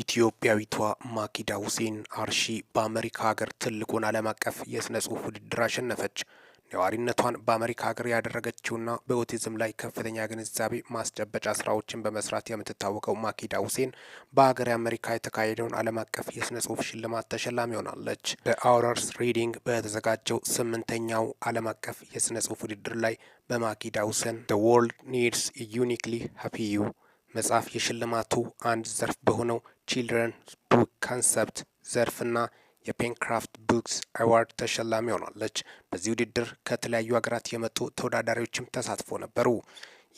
ኢትዮጵያዊቷ ማኪዳ ሁሴን አርሺ በአሜሪካ ሀገር ትልቁን ዓለም አቀፍ የስነ ጽሑፍ ውድድር አሸነፈች። ነዋሪነቷን በአሜሪካ ሀገር ያደረገችውና በኦቲዝም ላይ ከፍተኛ ግንዛቤ ማስጨበጫ ስራዎችን በመስራት የምትታወቀው ማኪዳ ሁሴን በሀገር አሜሪካ የተካሄደውን ዓለም አቀፍ የስነ ጽሁፍ ሽልማት ተሸላሚ ሆናለች። በአውረርስ ሪዲንግ በተዘጋጀው ስምንተኛው ዓለም አቀፍ የስነ ጽሁፍ ውድድር ላይ በማኪዳ ሁሴን ዘ ወርልድ ኒድስ ዩኒክሊ ሀፒ ዩ መጽሐፍ የሽልማቱ አንድ ዘርፍ በሆነው ቺልድረን ቡክ ካንሰፕት ዘርፍና የፔንክራፍት ቡክስ አዋርድ ተሸላሚ ሆናለች። በዚህ ውድድር ከተለያዩ ሀገራት የመጡ ተወዳዳሪዎችም ተሳትፎ ነበሩ።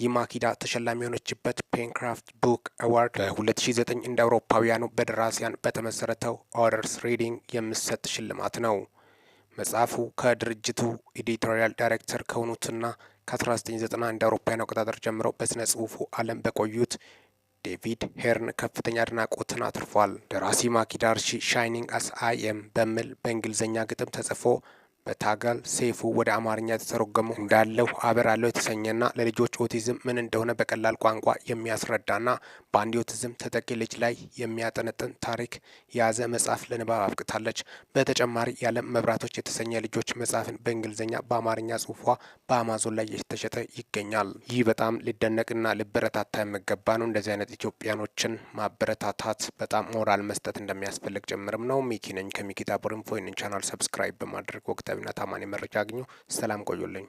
ይህ ማኪዳ ተሸላሚ የሆነችበት ፔንክራፍት ቡክ አዋርድ በ2009 እንደ አውሮፓውያኑ በደራሲያን በተመሰረተው ኦደርስ ሪዲንግ የሚሰጥ ሽልማት ነው። መጽሐፉ ከድርጅቱ ኤዲቶሪያል ዳይሬክተር ከሆኑትና ከ1991 እንደ አውሮፓውያን አቆጣጠር ጀምረው በስነ ጽሑፉ ዓለም በቆዩት ዴቪድ ሄርን ከፍተኛ አድናቆትን አትርፏል። ደራሲ ማኪዳርሺ ሻይኒንግ አስ አይ ኤም በሚል በእንግሊዝኛ ግጥም ተጽፎ መታገል ሴፉ ወደ አማርኛ የተተረጎመው እንዳለው አበራለው የተሰኘና ለልጆች ኦቲዝም ምን እንደሆነ በቀላል ቋንቋ የሚያስረዳና በአንድ ኦቲዝም ተጠቂ ልጅ ላይ የሚያጠነጥን ታሪክ የያዘ መጽሐፍ ለንባብ አብቅታለች። በተጨማሪ የዓለም መብራቶች የተሰኘ ልጆች መጽሐፍን በእንግሊዝኛ በአማርኛ ጽሁፏ በአማዞን ላይ የተሸጠ ይገኛል። ይህ በጣም ሊደነቅና ሊበረታታ የሚገባ ነው። እንደዚህ አይነት ኢትዮጵያኖችን ማበረታታት በጣም ሞራል መስጠት እንደሚያስፈልግ ጭምርም ነው። ሚኪ ነኝ ከሚኪታ ቻናል ሰብስክራይብ በማድረግ ወቅት ወቅታዊና ታማኝ መረጃ አግኙ። ሰላም ቆዩልኝ።